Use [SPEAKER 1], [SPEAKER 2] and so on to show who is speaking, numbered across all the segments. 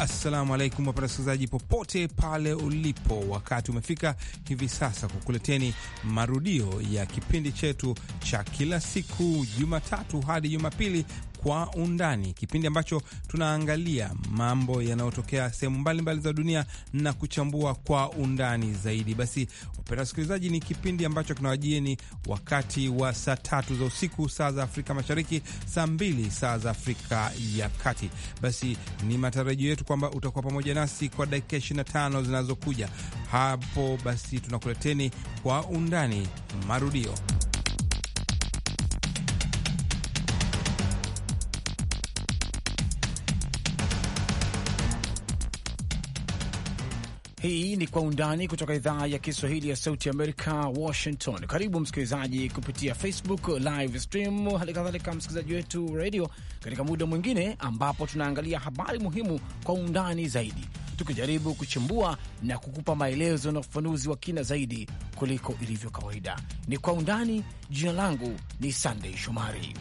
[SPEAKER 1] Assalamu alaikum wapenda wasikilizaji popote pale ulipo, wakati umefika hivi sasa kukuleteni marudio ya kipindi chetu cha kila siku Jumatatu hadi Jumapili kwa Undani, kipindi ambacho tunaangalia mambo yanayotokea sehemu mbalimbali za dunia na kuchambua kwa undani zaidi. Basi upenda wasikilizaji, ni kipindi ambacho kinawajieni wakati wa saa tatu za usiku saa za Afrika Mashariki, saa mbili saa za Afrika ya Kati. Basi ni matarajio yetu kwamba utakuwa pamoja nasi kwa dakika 25 zinazokuja hapo. Basi tunakuleteni kwa undani marudio.
[SPEAKER 2] Hii ni Kwa Undani kutoka idhaa ya Kiswahili ya Sauti Amerika, Washington. Karibu msikilizaji kupitia Facebook live stream, hali kadhalika msikilizaji wetu radio, katika muda mwingine ambapo tunaangalia habari muhimu kwa undani zaidi, tukijaribu kuchimbua na kukupa maelezo na ufafanuzi wa kina zaidi kuliko ilivyo kawaida. Ni Kwa Undani. Jina langu ni Sandei Shomari.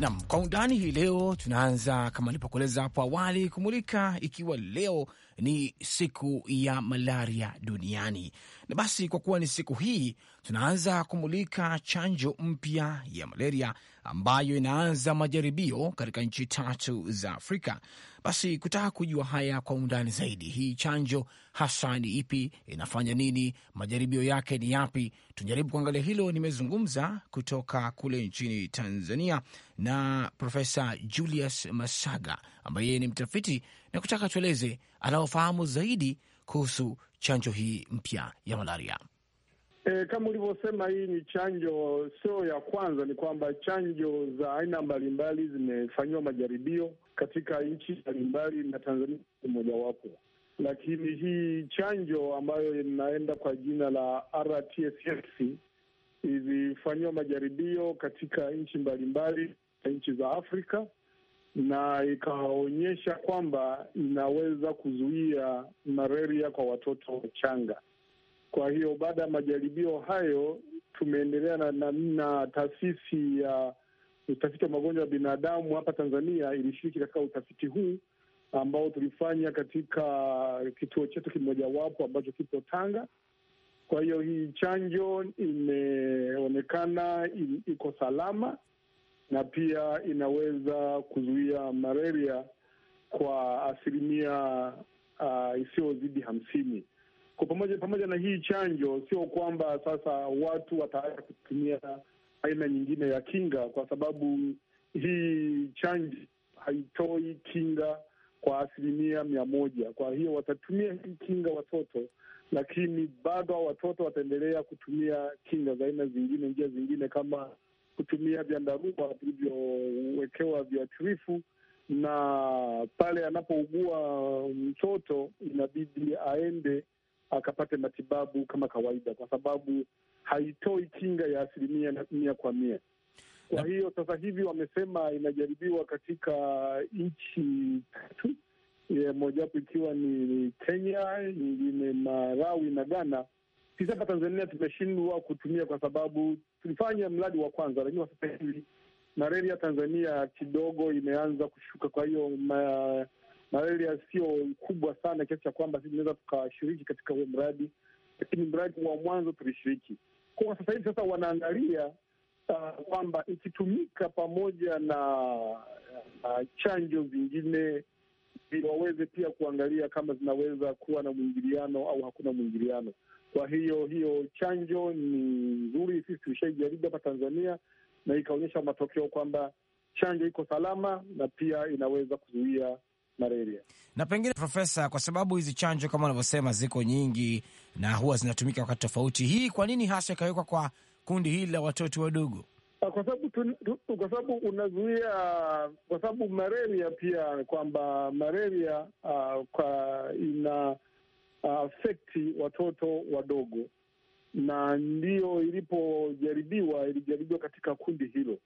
[SPEAKER 2] Nam kwa undani hii leo, tunaanza kama alipokueleza hapo awali kumulika, ikiwa leo ni siku ya malaria duniani, na basi kwa kuwa ni siku hii, tunaanza kumulika chanjo mpya ya malaria ambayo inaanza majaribio katika nchi tatu za Afrika. Basi kutaka kujua haya kwa undani zaidi, hii chanjo hasa ni ipi, inafanya nini, majaribio yake ni yapi, tujaribu kuangalia hilo. Nimezungumza kutoka kule nchini Tanzania na Profesa Julius Masaga ambaye yeye ni mtafiti, na kutaka tueleze anaofahamu zaidi kuhusu chanjo hii mpya ya malaria.
[SPEAKER 3] E, kama ulivyosema hii ni chanjo sio ya kwanza. Ni kwamba chanjo za aina mbalimbali zimefanyiwa majaribio katika nchi mbalimbali na Tanzania ni mojawapo, lakini hii chanjo ambayo inaenda kwa jina la RTSS ilifanyiwa majaribio katika nchi mbalimbali na nchi za Afrika na ikaonyesha kwamba inaweza kuzuia malaria kwa watoto wachanga. Kwa hiyo baada ya majaribio hayo tumeendelea na, namna taasisi ya uh, utafiti wa magonjwa ya binadamu hapa Tanzania ilishiriki katika utafiti huu ambao tulifanya katika kituo chetu kimojawapo ambacho kipo Tanga. Kwa hiyo hii chanjo imeonekana iko salama na pia inaweza kuzuia malaria kwa asilimia uh, isiyozidi hamsini kwa pamoja. Pamoja na hii chanjo, sio kwamba sasa watu wataacha kutumia aina nyingine ya kinga, kwa sababu hii chanjo haitoi kinga kwa asilimia mia moja. Kwa hiyo watatumia hii kinga watoto, lakini bado watoto wataendelea kutumia kinga za aina zingine, njia zingine kama kutumia vyandarua vilivyowekewa viatirifu, na pale anapougua mtoto inabidi aende akapate matibabu kama kawaida, kwa sababu haitoi kinga ya asilimia mia kwa mia. Kwa hiyo sasa hivi wamesema inajaribiwa katika nchi tatu, e, mojawapo ikiwa ni Kenya, nyingine Malawi na Ghana. Sisi hapa Tanzania tumeshindwa kutumia kwa sababu tulifanya mradi wa kwanza, lakini kwa sasa hivi malaria Tanzania kidogo imeanza kushuka, kwa hiyo ma na reli yasiyo kubwa sana kiasi cha kwamba sisi tunaweza tukashiriki katika huo mradi, lakini mradi wa mwanzo tulishiriki. Kwa sasa hivi sasa wanaangalia uh, kwamba ikitumika pamoja na uh, chanjo zingine waweze pia kuangalia kama zinaweza kuwa na mwingiliano au hakuna mwingiliano. Kwa hiyo hiyo chanjo ni nzuri, sisi tulishaijaribu hapa Tanzania na ikaonyesha matokeo kwamba chanjo iko salama na pia inaweza kuzuia malaria.
[SPEAKER 2] Na pengine Profesa, kwa sababu hizi chanjo kama unavyosema ziko nyingi na huwa zinatumika wakati tofauti, hii kwa nini hasa ikawekwa kwa kundi hili la watoto wadogo?
[SPEAKER 3] Ah, kwa sababu kwa sababu unazuia, kwa sababu malaria pia kwamba malaria uh, kwa ina ah, afekti watoto wadogo, na ndiyo ilipojaribiwa, ilijaribiwa katika kundi hilo.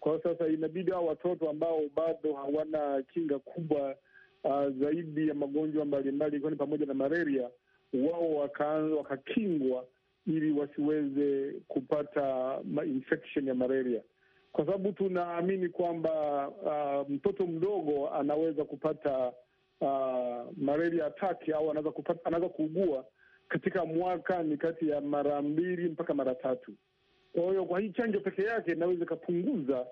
[SPEAKER 3] Kwa hiyo sasa inabidi hao watoto ambao bado hawana kinga kubwa uh, zaidi ya magonjwa mbalimbali ikiwa ni pamoja na malaria, wao wakakingwa waka ili wasiweze kupata infection ya malaria, kwa sababu tunaamini kwamba uh, mtoto mdogo anaweza kupata uh, malaria attack au anaweza kupata anaweza kuugua katika mwaka ni kati ya mara mbili mpaka mara tatu. Kwa hiyo kwa hii chanjo peke yake inaweza ikapunguza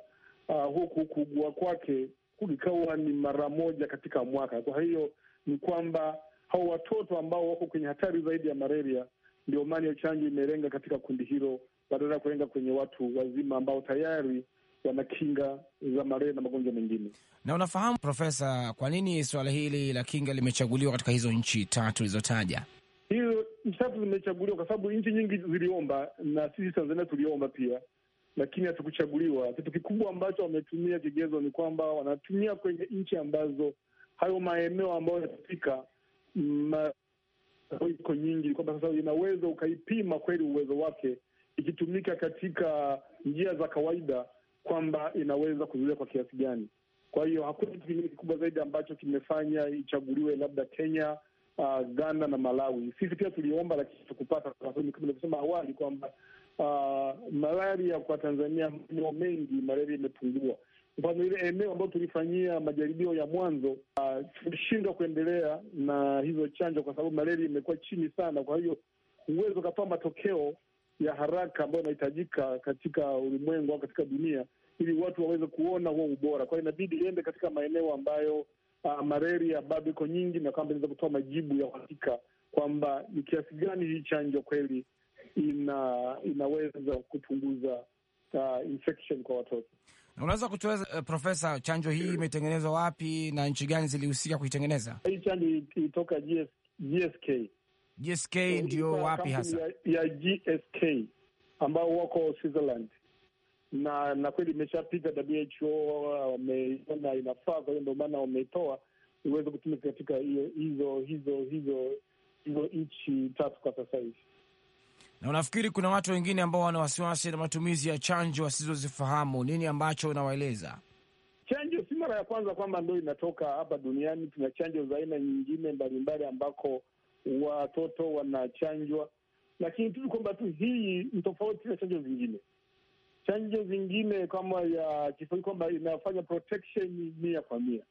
[SPEAKER 3] uh, huku kuugua kwake ikawa ni mara moja katika mwaka. Kwa hiyo ni kwamba hao watoto ambao wako kwenye hatari zaidi ya malaria, ndio maana chanjo imelenga katika kundi hilo badala ya kulenga kwenye watu wazima ambao tayari wana kinga za malaria na magonjwa mengine.
[SPEAKER 2] Na unafahamu Profesa, kwa nini suala hili la kinga limechaguliwa katika hizo nchi tatu ulizotaja?
[SPEAKER 3] Hizo nchi tatu zimechaguliwa kwa sababu nchi nyingi ziliomba na sisi Tanzania tuliomba pia, lakini hatukuchaguliwa. Kitu kikubwa ambacho wametumia kigezo ni kwamba wanatumia kwenye nchi ambazo hayo maeneo ambayo yanafika mm, iko nyingi, kwamba sasa inaweza ukaipima kweli uwezo wake ikitumika katika njia za kawaida, kwamba inaweza kuzuia kwa kiasi gani. Kwa hiyo hakuna kitu kingine kikubwa zaidi ambacho kimefanya ichaguliwe labda Kenya, uh, Ghana na Malawi. Sisi pia tuliomba, lakini tukupata, kama nilivyosema awali kwamba uh, malaria kwa Tanzania maeneo mengi malaria imepungua. Mfano ile eneo ambayo tulifanyia majaribio ya mwanzo ah, tumeshindwa uh, kuendelea na hizo chanjo kwa sababu malaria imekuwa chini sana, kwa hiyo huwezi ukatoa matokeo ya haraka ambayo inahitajika katika ulimwengu au katika dunia ili watu waweze kuona huo ubora. Kwa hiyo inabidi iende katika maeneo ambayo uh, malaria bado iko nyingi na kwamba inaweza kutoa majibu ya uhakika kwamba ni kiasi gani hii chanjo kweli ina inaweza kupunguza uh, infection kwa watoto.
[SPEAKER 2] Unaweza kutueleza uh, Profesa, chanjo hii imetengenezwa wapi na nchi gani zilihusika kuitengeneza
[SPEAKER 3] hii
[SPEAKER 4] chanjo? Ilitoka
[SPEAKER 3] GS, GSK. GSK ndio wapi hasa ya, ya GSK ambao wako Switzerland na na kweli imeshapita WHO, wameona inafaa, kwa hiyo ndio maana wameitoa iweze kutumika katika hizo hizo hizo hizo nchi tatu kwa sasa hivi.
[SPEAKER 2] Na unafikiri kuna watu wengine ambao wana wasiwasi na matumizi ya chanjo wasizozifahamu, nini ambacho unawaeleza?
[SPEAKER 3] Chanjo si mara ya kwanza kwamba ndo inatoka hapa duniani. Tuna chanjo za aina nyingine mbalimbali ambako watoto wanachanjwa, lakini tu kwamba tu hii ni tofauti na chanjo zingine. Chanjo zingine kama ya kifua kwamba inafanya protection mia kwa mia,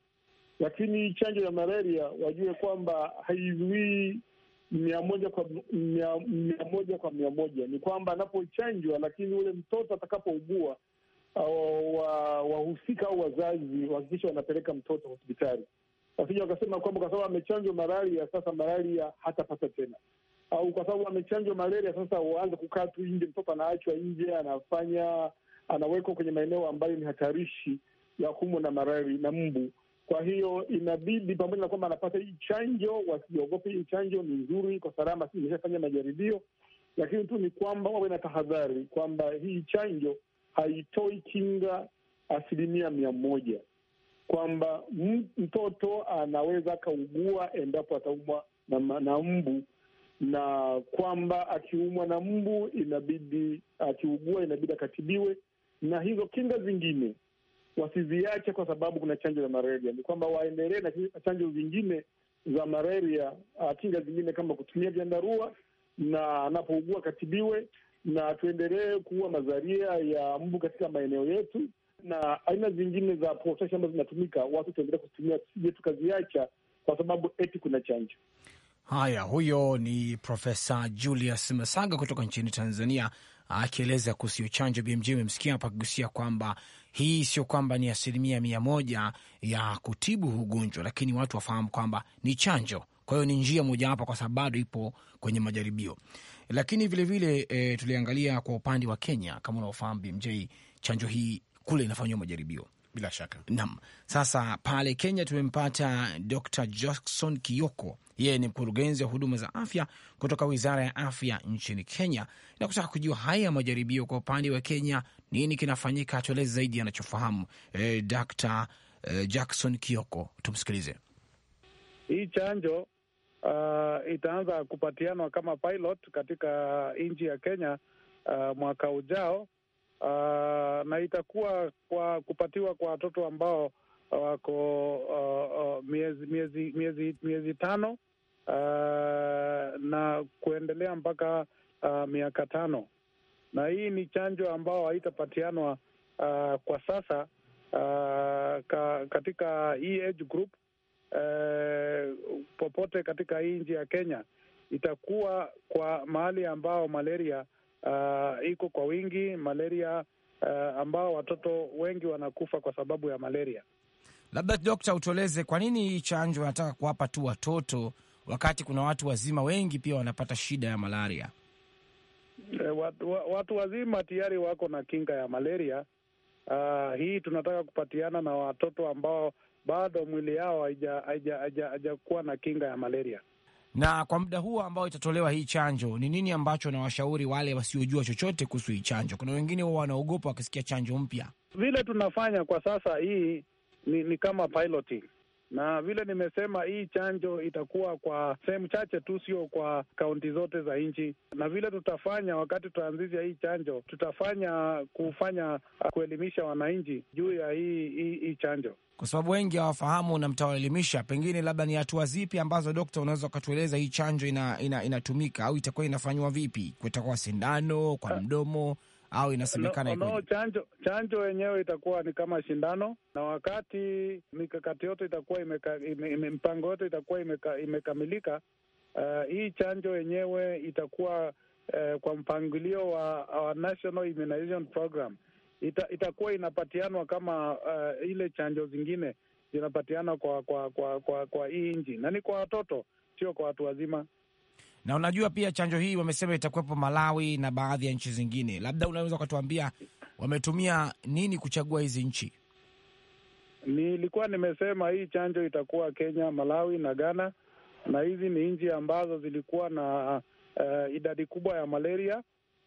[SPEAKER 3] lakini chanjo ya malaria wajue kwamba haizuii mia moja kwa mia, mia moja kwa mia moja ni kwamba anapochanjwa, lakini ule mtoto atakapougua wahusika wa au wazazi wahakikisha wanapeleka mtoto hospitali. Wasija wakasema kwamba kwa sababu amechanjwa malaria, sasa malaria hatapata tena, au kwa sababu amechanjwa malaria, sasa waanze kukaa tu nje, mtoto anaachwa nje, anafanya anawekwa kwenye maeneo ambayo ni hatarishi ya kumwa na marari na mbu kwa hiyo inabidi pamoja na kwamba anapata hii chanjo, wasiogope. Hii chanjo ni nzuri kwa salama, si imeshafanya majaribio, lakini tu ni kwamba wawe na tahadhari kwamba hii chanjo haitoi kinga asilimia mia moja, kwamba mtoto anaweza akaugua endapo ataumwa na, na mbu na kwamba akiumwa na mbu inabidi, akiugua inabidi akatibiwe, na hizo kinga zingine wasiziache kwa sababu kuna chanjo ya malaria, ni kwamba waendelee na chanjo zingine za malaria, ah, kinga zingine kama kutumia vyandarua, na anapougua katibiwe, na tuendelee kuua mazaria ya mbu katika maeneo yetu na aina zingine za protection ambazo zinatumika, watu tuendelee kuzitumia, tusije tukaziacha kwa sababu eti kuna chanjo.
[SPEAKER 2] Haya, huyo ni Profesa Julius Masaga kutoka nchini Tanzania akieleza kuhusu chanjo. BMJ umemsikia hapa akigusia kwamba hii sio kwamba ni asilimia mia moja ya kutibu ugonjwa, lakini watu wafahamu kwamba ni chanjo. Kwa hiyo ni njia mojawapo, kwa sababu bado ipo kwenye majaribio. Lakini vilevile e, tuliangalia kwa upande wa Kenya, kama unaofahamu BMJ, chanjo hii kule inafanyiwa majaribio bila shaka. Naam. Sasa pale Kenya tumempata Dr. Jackson Kioko, yeye ni mkurugenzi wa huduma za afya kutoka Wizara ya Afya nchini Kenya, na kutaka kujua haya majaribio kwa upande wa Kenya, nini kinafanyika, atueleze zaidi anachofahamu. Eh, Dr. E, Jackson Kioko, tumsikilize.
[SPEAKER 5] Hii chanjo uh, itaanza kupatianwa kama pilot katika nchi ya Kenya uh, mwaka ujao uh, na itakuwa kwa kupatiwa kwa watoto ambao uh, wako uh, uh, miezi, miezi, miezi, miezi tano uh, na kuendelea mpaka uh, miaka tano, na hii ni chanjo ambao haitapatianwa uh, kwa sasa uh, ka, katika hii age group uh, popote katika hii nchi ya Kenya itakuwa kwa mahali ambao malaria uh, iko kwa wingi malaria, uh, ambao watoto wengi wanakufa kwa sababu ya malaria.
[SPEAKER 2] Labda dokta, utueleze kwa nini hii chanjo wanataka kuwapa tu watoto wakati kuna watu wazima wengi pia wanapata shida ya malaria?
[SPEAKER 5] E, eh, watu, watu wazima tayari wako na kinga ya malaria. Uh, hii tunataka kupatiana na watoto ambao bado mwili yao haijakuwa na kinga ya malaria.
[SPEAKER 2] Na kwa muda huo ambao itatolewa hii chanjo, ni nini ambacho nawashauri wale wasiojua chochote kuhusu hii chanjo? Kuna wengine huwa wanaogopa wakisikia chanjo mpya.
[SPEAKER 5] Vile tunafanya kwa sasa, hii ni, ni kama piloting na vile nimesema, hii chanjo itakuwa kwa sehemu chache tu, sio kwa kaunti zote za nchi. Na vile tutafanya wakati tutaanzisha hii chanjo, tutafanya kufanya uh, kuelimisha wananchi juu ya hii, hii, hii
[SPEAKER 2] chanjo kwa sababu wengi hawafahamu na mtawaelimisha, pengine labda ni hatua zipi ambazo dokta unaweza ukatueleza hii chanjo ina, ina, inatumika au itakuwa inafanywa vipi? Kutakuwa sindano kwa ah. mdomo au inasemekana no, no,
[SPEAKER 5] chanjo chanjo yenyewe itakuwa ni kama shindano, na wakati mikakati yote itakuwa imeka, ime, ime, mpango yote itakuwa imeka, imekamilika. Uh, hii chanjo yenyewe itakuwa uh, kwa mpangilio wa our National Immunization Program ita, itakuwa inapatianwa kama uh, ile chanjo zingine zinapatiana kwa kwa kwa kwa, kwa hii nchi, na ni kwa watoto, sio kwa watu wazima.
[SPEAKER 2] Na unajua pia chanjo hii wamesema itakuwepo Malawi na baadhi ya nchi zingine, labda unaweza ukatuambia wametumia nini kuchagua hizi nchi?
[SPEAKER 5] Nilikuwa nimesema hii chanjo itakuwa Kenya, Malawi na Ghana, na hizi ni nchi ambazo zilikuwa na uh, idadi kubwa ya malaria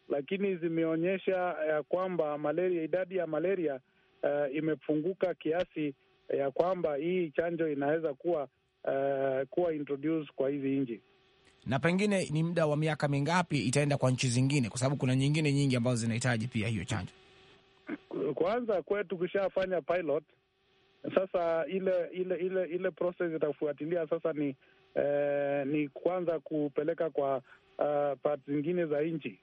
[SPEAKER 5] lakini zimeonyesha ya kwamba malaria, idadi ya malaria uh, imepunguka kiasi ya kwamba hii chanjo inaweza kuwa uh, kuwa introduce kwa hizi
[SPEAKER 2] nchi. Na pengine ni muda wa miaka mingapi itaenda kwa nchi zingine, kwa sababu kuna nyingine nyingi ambazo zinahitaji pia hiyo chanjo?
[SPEAKER 5] Kwanza kwetu kishafanya pilot, sasa ile ile ile ile process itafuatilia sasa ni eh, ni kwanza kupeleka kwa uh, part zingine za nchi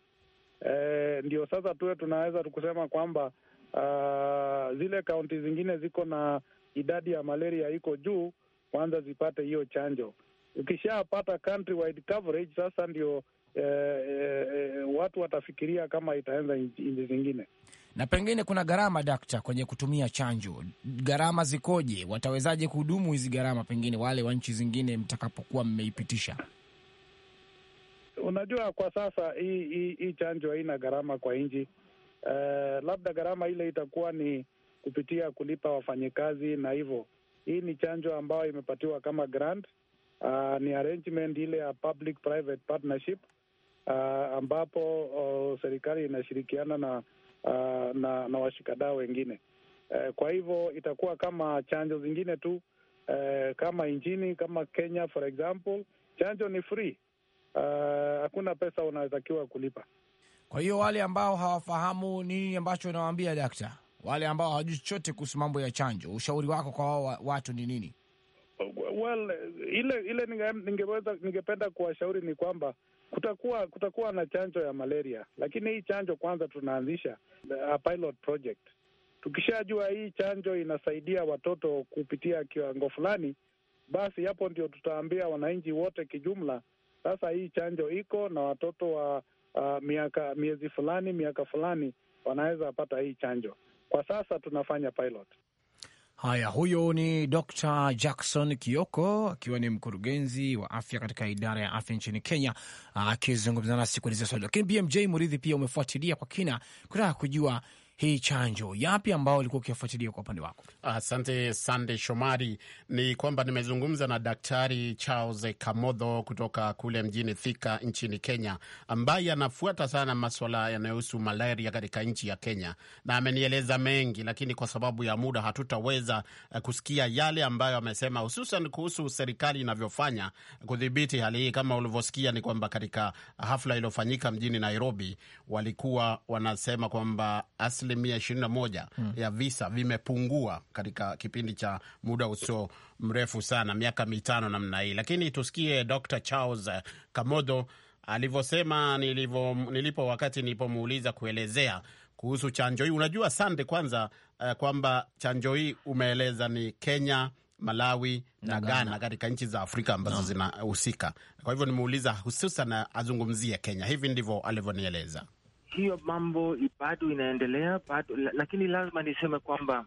[SPEAKER 5] e, ndio sasa tuwe tunaweza tukusema kwamba uh, zile kaunti zingine ziko na idadi ya malaria iko juu, kwanza zipate hiyo chanjo. Ukishapata country coverage, sasa ndio e, e, watu watafikiria kama itaenza nchi zingine.
[SPEAKER 2] Na pengine kuna gharama dakta, kwenye kutumia chanjo, gharama zikoje? Watawezaje kuhudumu hizi gharama, pengine wale wa nchi zingine mtakapokuwa mmeipitisha?
[SPEAKER 5] unajua kwa sasa hii hii, hi chanjo haina gharama kwa nchi. Uh, labda gharama ile itakuwa ni kupitia kulipa wafanyikazi na hivyo. Hii ni chanjo ambayo imepatiwa kama grant. Uh, ni arrangement ile ya public private partnership uh, ambapo uh, serikali inashirikiana na uh, na, na washikadau wengine uh, kwa hivyo itakuwa kama chanjo zingine tu uh, kama nchini kama Kenya for example chanjo ni free Eh, hakuna uh, pesa unawezakiwa kulipa.
[SPEAKER 2] Kwa hiyo wale ambao hawafahamu nini ambacho unawaambia dakta, wale ambao hawajui chochote kuhusu mambo ya chanjo, ushauri wako kwa wao watu ni nini?
[SPEAKER 5] Well, ile ile ningeweza ningependa kuwashauri ni kwamba kutakuwa kutakuwa na chanjo ya malaria, lakini hii chanjo kwanza tunaanzisha a pilot project. Tukishajua hii chanjo inasaidia watoto kupitia kiwango fulani, basi hapo ndio tutaambia wananchi wote kijumla sasa hii chanjo iko na watoto wa uh, miaka miezi fulani miaka fulani wanaweza pata hii chanjo. Kwa sasa tunafanya pilot.
[SPEAKER 2] Haya, huyo ni Dr Jackson Kioko akiwa ni mkurugenzi wa afya katika idara ya afya nchini Kenya akizungumza nasi kuelezea swali. Lakini BMJ Muridhi pia umefuatilia kwa
[SPEAKER 6] kina kutaka kujua hii chanjo. Yapi ambao ulikuwa ukiyafuatilia kwa upande wako? Asante Sande Shomari. Ni kwamba nimezungumza na Daktari Charles Kamodho kutoka kule mjini Thika nchini Kenya, ambaye anafuata sana maswala yanayohusu malaria katika nchi ya Kenya, na amenieleza mengi, lakini kwa sababu ya muda hatutaweza eh, kusikia yale ambayo amesema, hususan kuhusu serikali inavyofanya kudhibiti hali hii. Kama ulivyosikia, ni kwamba katika hafla iliyofanyika mjini Nairobi walikuwa wanasema kwamba asilimia 21 mm. ya visa vimepungua katika kipindi cha muda usio mrefu sana, miaka mitano namna hii. Lakini tusikie Dr. Charles eh, Kamodo alivyosema nilivyo, nilipo wakati nilipomuuliza kuelezea kuhusu chanjo hii. Unajua sande kwanza uh, kwamba chanjo hii umeeleza ni Kenya Malawi na Ghana katika nchi za Afrika ambazo no. zinahusika. Kwa hivyo nimeuliza hususan azungumzie Kenya. Hivi ndivyo alivyonieleza
[SPEAKER 7] hiyo mambo bado inaendelea bado, lakini lazima niseme kwamba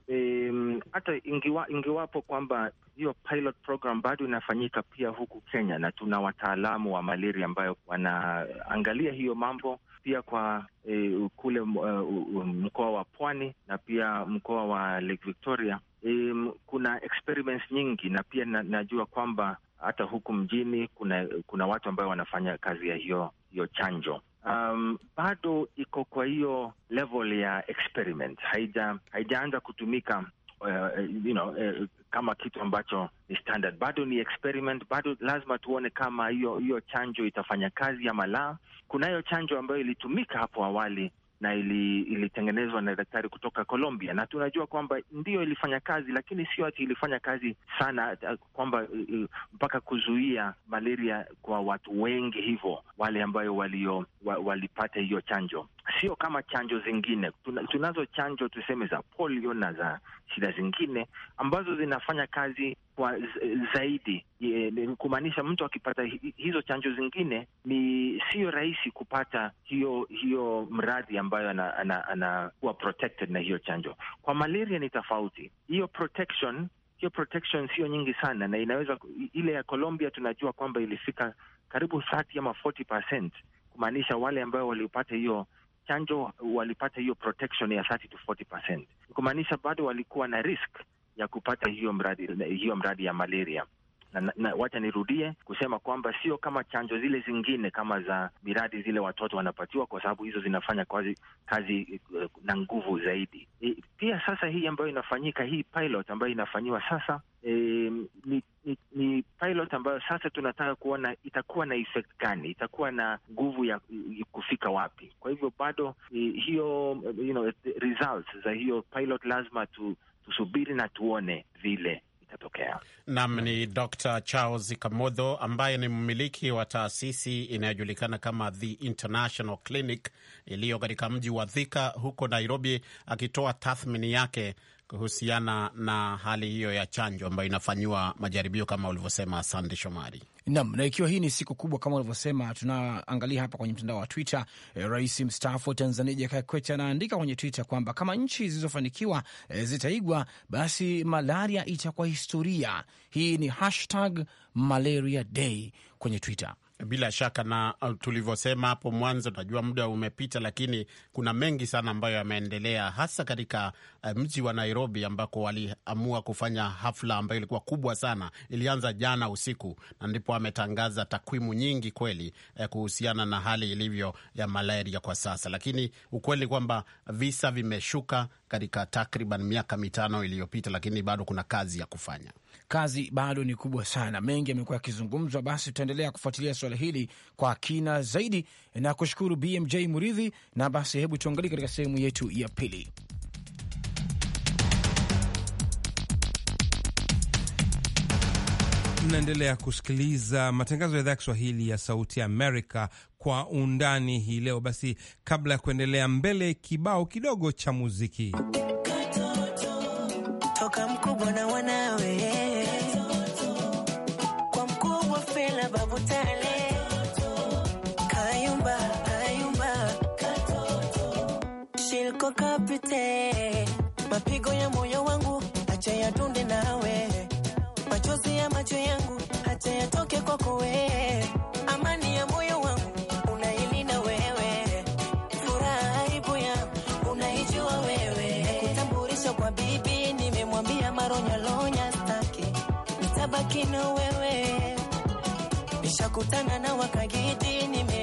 [SPEAKER 7] hata um, ingiwa, ingiwapo kwamba hiyo pilot program bado inafanyika pia huku Kenya, na tuna wataalamu wa malaria ambayo wanaangalia hiyo mambo pia kwa e, kule uh, mkoa wa Pwani na pia mkoa wa Lake Victoria. Um, kuna experiments nyingi na pia na, najua kwamba hata huku mjini kuna kuna watu ambao wanafanya kazi ya hiyo hiyo chanjo um, bado iko kwa hiyo level ya experiment, haija haijaanza kutumika uh, you know, uh, kama kitu ambacho ni standard, bado ni experiment, bado lazima tuone kama hiyo hiyo chanjo itafanya kazi ama la. Kunayo chanjo ambayo ilitumika hapo awali na ili, ilitengenezwa na daktari kutoka Colombia, na tunajua kwamba ndiyo ilifanya kazi, lakini sio ati ilifanya kazi sana kwamba uh, uh, mpaka kuzuia malaria kwa watu wengi hivyo, wale ambayo walio wa, walipata hiyo chanjo sio kama chanjo zingine. Tunazo chanjo tuseme za polio na za shida zingine ambazo zinafanya kazi kwa zaidi, kumaanisha mtu akipata hizo chanjo zingine ni siyo rahisi kupata hiyo hiyo mradhi ambayo anakuwa ana, ana, protected na hiyo chanjo. Kwa malaria ni tofauti, hiyo protection hiyo protection sio nyingi sana, na inaweza ile ya Colombia tunajua kwamba ilifika karibu 30 ama 40 kumaanisha wale ambao waliopata hiyo chanjo walipata hiyo protection ya 30 to 40%, kumaanisha bado walikuwa na risk ya kupata hiyo mradi, hiyo mradi ya malaria. Na, na wacha nirudie kusema kwamba sio kama chanjo zile zingine kama za miradi zile watoto wanapatiwa, kwa sababu hizo zinafanya kazi, kazi eh, na nguvu zaidi. E, pia sasa hii ambayo inafanyika hii pilot ambayo inafanyiwa sasa e, ni ni, pilot ambayo sasa tunataka kuona itakuwa na effect gani, itakuwa na nguvu ya kufika wapi. Kwa hivyo bado hiyo you know, results za hiyo pilot lazima tu, tusubiri na tuone vile
[SPEAKER 6] itatokea. Naam, ni Dr. Charles Kamodho ambaye ni mmiliki wa taasisi inayojulikana kama The International Clinic iliyo katika mji wa Thika huko Nairobi, akitoa tathmini yake kuhusiana na hali hiyo ya chanjo ambayo inafanyiwa majaribio kama ulivyosema, Sande Shomari.
[SPEAKER 2] Naam, na ikiwa hii ni siku kubwa kama ulivyosema, tunaangalia hapa kwenye mtandao wa Twitter. E, rais mstaafu wa Tanzania Jakaya Kikwete anaandika kwenye Twitter kwamba kama nchi zilizofanikiwa e, zitaigwa, basi malaria itakuwa historia. Hii ni hashtag malaria day kwenye Twitter.
[SPEAKER 6] Bila shaka na uh, tulivyosema hapo mwanzo, najua muda umepita, lakini kuna mengi sana ambayo yameendelea, hasa katika uh, mji wa Nairobi ambako waliamua kufanya hafla ambayo ilikuwa kubwa sana. Ilianza jana usiku na ndipo ametangaza takwimu nyingi kweli uh, kuhusiana na hali ilivyo ya malaria kwa sasa, lakini ukweli kwamba visa vimeshuka katika takriban miaka mitano iliyopita, lakini bado kuna kazi ya kufanya. Kazi bado
[SPEAKER 2] ni kubwa sana, mengi yamekuwa yakizungumzwa. Basi tutaendelea kufuatilia suala hili kwa kina zaidi na kushukuru BMJ Muridhi, na basi hebu tuangalie katika sehemu yetu ya pili.
[SPEAKER 1] Tunaendelea kusikiliza matangazo ya idhaa ya Kiswahili ya Sauti Amerika kwa undani hii leo. Basi, kabla ya kuendelea mbele, kibao kidogo cha muziki
[SPEAKER 8] toka mkubwa na wanawe kwa mkubwa Fela Kayumba Kayumba Shilko Kapite mapigo ya moyo ya macho yangu hata yatoke kwako wewe, amani ya moyo wangu unailinda wewe, furaha aibu yangu unaijua wewe. Kutambulisha kwa bibi, nimemwambia maronyalonya staki, nitabaki na wewe, nishakutana na wakagiji nime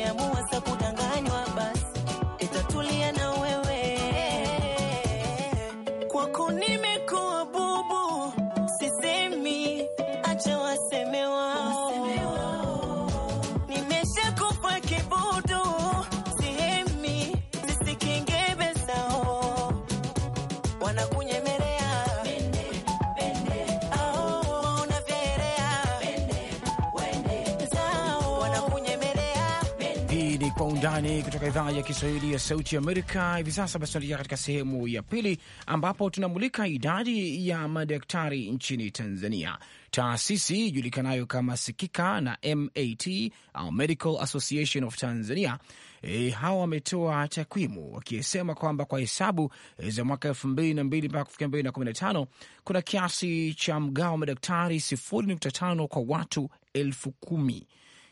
[SPEAKER 2] undani kutoka idhaa ya Kiswahili ya Sauti Amerika. Hivi sasa basi tunaelekea katika sehemu ya pili ambapo tunamulika idadi ya madaktari nchini Tanzania. Taasisi ijulikanayo kama Sikika na MAT au Medical Association of Tanzania, e, hawa wametoa takwimu wakisema kwamba kwa hesabu e, za mwaka elfu mbili na mbili mpaka kufikia mbili na kumi na tano kuna kiasi cha mgao wa madaktari sifuri nukta tano kwa watu elfu kumi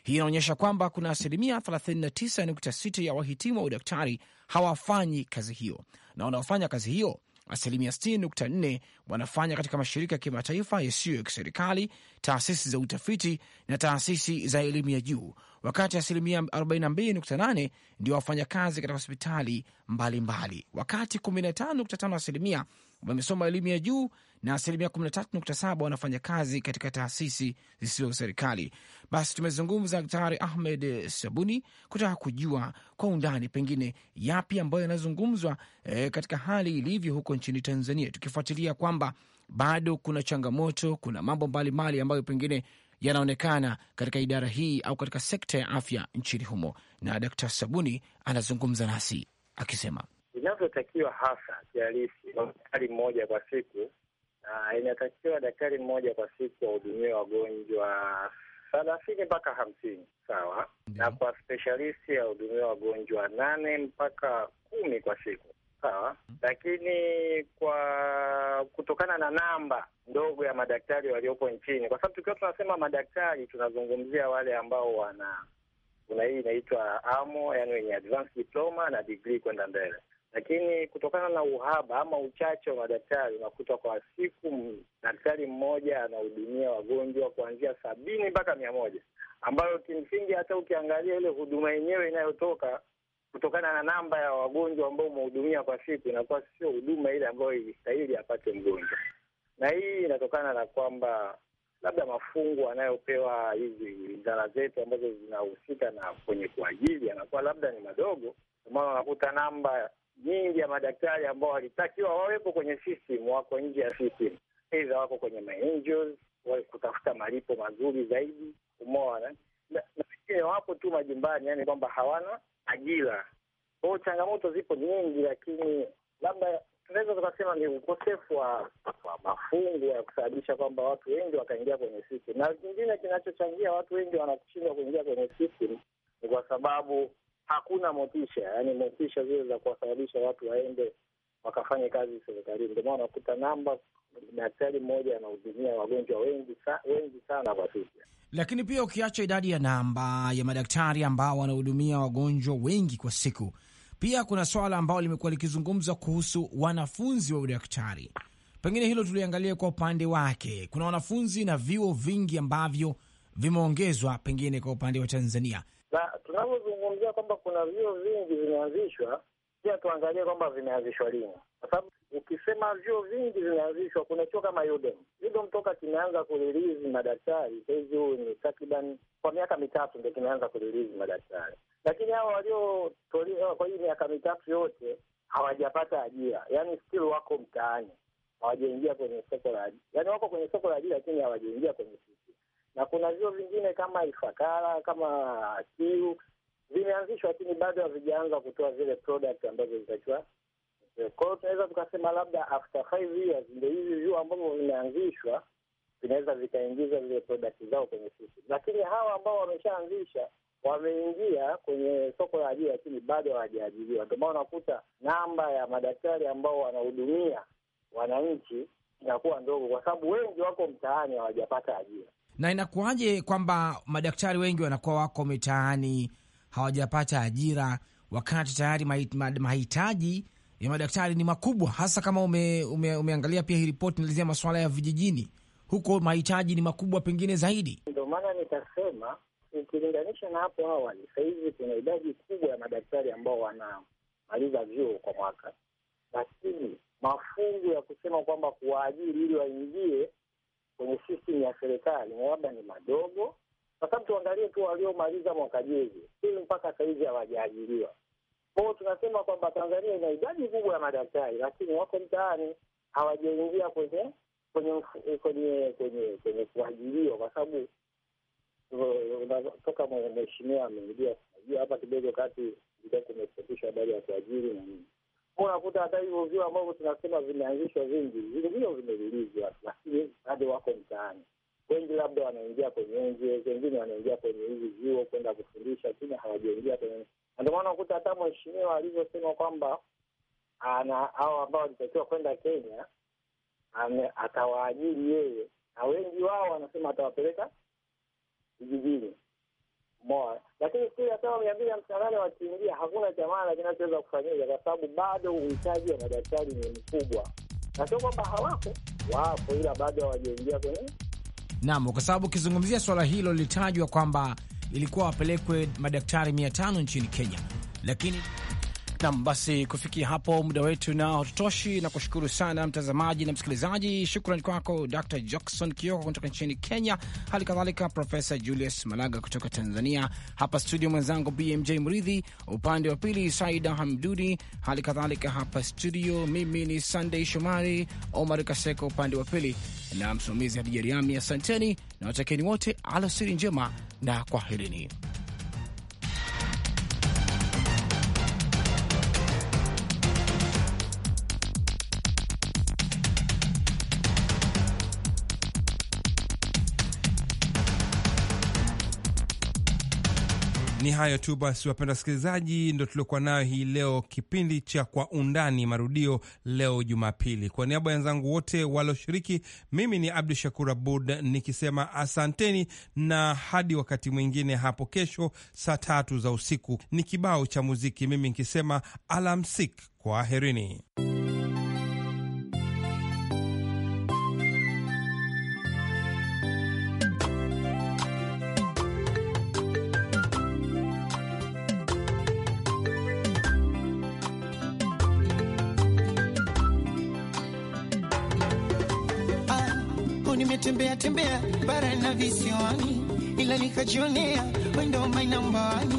[SPEAKER 2] hii inaonyesha kwamba kuna asilimia 39.6 ya wahitimu wa udaktari hawafanyi kazi hiyo, na wanaofanya kazi hiyo asilimia 60.4 wanafanya katika mashirika ya kimataifa yasiyo ya kiserikali, taasisi za utafiti na taasisi za elimu ya juu, wakati asilimia 42.8 ndio wafanya kazi katika hospitali mbalimbali, wakati 15.5 asilimia wamesoma elimu ya juu na asilimia 13.7 wanafanya kazi katika taasisi zisizo serikali. Basi tumezungumza Daktari Ahmed Sabuni kutaka kujua kwa undani pengine yapi ambayo yanazungumzwa e, katika hali ilivyo huko nchini Tanzania, tukifuatilia kwamba bado kuna changamoto, kuna mambo mbalimbali ambayo pengine yanaonekana katika idara hii au katika sekta ya afya nchini humo, na Daktari Sabuni anazungumza nasi akisema
[SPEAKER 4] Inavyotakiwa hasa kihalisi, daktari mmoja kwa siku Uh, inatakiwa daktari mmoja kwa siku wahudumia wagonjwa thelathini mpaka hamsini sawa, na kwa spesialisti ahudumia wagonjwa nane mpaka kumi kwa siku sawa. Mm-hmm. Lakini kwa kutokana na namba ndogo ya madaktari waliopo nchini, kwa sababu tukiwa tunasema madaktari tunazungumzia wale ambao wana kuna hii inaitwa amo, yani wenye advance diploma na digrii kwenda mbele lakini kutokana na uhaba ama uchache wa madaktari, unakuta kwa siku daktari mmoja anahudumia wagonjwa kuanzia sabini mpaka mia moja ambayo kimsingi hata ukiangalia ile huduma yenyewe inayotoka kutokana na namba ya wagonjwa ambao umehudumia kwa siku inakuwa sio huduma ile ambayo ilistahili apate mgonjwa, na hii inatokana na kwamba labda mafungu anayopewa hizi wizara zetu ambazo zinahusika na kwenye kuajili anakuwa labda ni madogo, kwa maana unakuta namba nyingi ya madaktari ambao walitakiwa wawepo kwenye system wako nje ya system, aidha wako kwenye angels kutafuta malipo mazuri zaidi, umeona, na wengine wapo tu majumbani, yani kwamba hawana ajira. Kwa hiyo changamoto zipo nyingi, lakini labda tunaweza tukasema ni ukosefu wa mafungu ya kusababisha kwamba watu wengi wakaingia kwenye system, na kingine kinachochangia watu wengi wanashindwa kuingia kwenye system ni kwa sababu hakuna motisha, yani motisha zile za kuwasababisha watu waende wakafanye kazi serikalini. Ndio maana unakuta namba daktari mmoja anahudumia wagonjwa wengi, sa, wengi sana kwa siku.
[SPEAKER 2] Lakini pia ukiacha idadi ya namba ya madaktari ambao wanahudumia wagonjwa wengi kwa siku, pia kuna swala ambalo limekuwa likizungumzwa kuhusu wanafunzi wa udaktari. Pengine hilo tuliangalia kwa upande wake. Kuna wanafunzi na vyuo vingi ambavyo vimeongezwa, pengine kwa upande wa Tanzania
[SPEAKER 4] na tunavyozungumzia kwamba kuna vyuo vingi vimeanzishwa, pia tuangalie kwamba vimeanzishwa lini, kwa sababu ukisema vyuo vingi vimeanzishwa, kuna chuo kama Udem. Udem toka kimeanza kurilizi madaktari sahizi, huu ni takriban kwa miaka mitatu ndo kimeanza kurilizi madaktari, lakini hawa waliotolewa kwa hii miaka mitatu yote hawajapata ajira, yani still wako mtaani, hawajaingia kwenye soko la ajira, yani wako kwenye soko la ajira, lakini hawajaingia kwenye sisi na kuna vyuo vingine kama Ifakara kama Kiu vimeanzishwa, lakini bado havijaanza kutoa zile product ambazo zitakiwa. Kwa hiyo tunaweza tukasema labda after five years ndio hivi vyuo ambavyo vimeanzishwa vinaweza vikaingiza zile product zao kwenye system, lakini hawa ambao wameshaanzisha wameingia kwenye soko la ajira, lakini bado hawajaajiriwa. Ndio maana unakuta namba ya madaktari ambao wanahudumia wananchi inakuwa ndogo, kwa sababu wengi wako mtaani hawajapata ajira.
[SPEAKER 2] Na inakuwaje kwamba madaktari wengi wanakuwa wako mitaani hawajapata ajira, wakati tayari mahitaji ya madaktari ni makubwa, hasa kama ume, ume, umeangalia pia hii ripoti inaelezea masuala ya vijijini, huko mahitaji ni makubwa pengine zaidi.
[SPEAKER 4] Ndio maana nitasema ukilinganisha na hapo awali, sahizi kuna idadi kubwa ya madaktari ambao wanamaliza vyuo kwa mwaka, lakini mafunzo ya kusema kwamba kuwaajiri ili waingie kwenye system ya serikali labda ni madogo, kwa sababu tuangalie tu waliomaliza mwaka juzi, ili mpaka sahizi hawajaajiriwa. Kwao tunasema kwamba Tanzania ina idadi kubwa ya madaktari, lakini wako mtaani, hawajaingia kwenye kwenye kwenye kwenye kwenye kuajiriwa, kwa sababu eh, unatoka mheshimiwa ameingia, najua hapa kidogo kati kumepitishwa habari ya kuajiri na nini unakuta hata hivyo vyuo ambavyo tunasema vimeanzishwa vingi, vingio vimerulizwa, lakini bado wako mtaani. Wengi labda wanaingia kwenye nje, wengine wanaingia kwenye hivi vyuo kwenda kufundisha, lakini hawajaingia kwenye. Ndio maana unakuta hata mheshimiwa alivyosema kwamba ana hao ambao walitakiwa kwenda Kenya atawaajiri yeye, na wengi wao wanasema atawapeleka vijijini Umeona, lakini kile kama mia mbili hamsini na nane wakiingia hakuna cha maana kinachoweza kufanyika, kwa sababu bado uhitaji wa madaktari ni mkubwa, na sio kwamba hawapo, wapo, ila bado hawajaingia
[SPEAKER 3] kwenye
[SPEAKER 2] nam, kwa sababu ukizungumzia swala hilo lilitajwa kwamba ilikuwa wapelekwe madaktari mia tano nchini Kenya, lakini Nam, basi kufikia hapo muda wetu na hatutoshi, na kushukuru sana mtazamaji na msikilizaji. shukran kwako Dr Jackson Kioko kutoka nchini Kenya, hali kadhalika Profesa Julius Malaga kutoka Tanzania. Hapa studio mwenzangu BMJ Mridhi, upande wa pili Saida Hamduni, hali kadhalika hapa studio mimi ni Sandey Shomari, Omar Kaseko upande wa pili na msimamizi Hadija Riami. Asanteni na watakieni wote alasiri njema na kwaherini.
[SPEAKER 1] Ni hayo tu basi, wapenda wasikilizaji, ndo tuliokuwa nayo hii leo, kipindi cha Kwa Undani marudio leo Jumapili. Kwa niaba ya wenzangu wote walioshiriki, mimi ni Abdu Shakur Abud nikisema asanteni na hadi wakati mwingine hapo kesho saa tatu za usiku. Ni kibao cha muziki, mimi nikisema alamsik, kwaherini.
[SPEAKER 9] tembea tembea bara na visiwani, ila nikajionea wendo one.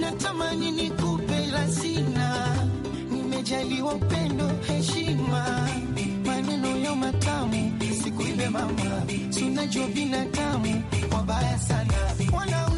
[SPEAKER 9] natamani nikupe la sina, nimejaliwa upendo, heshima, maneno ya matamu, sikuibe mama, sunajua binadamu wabaya sana Wana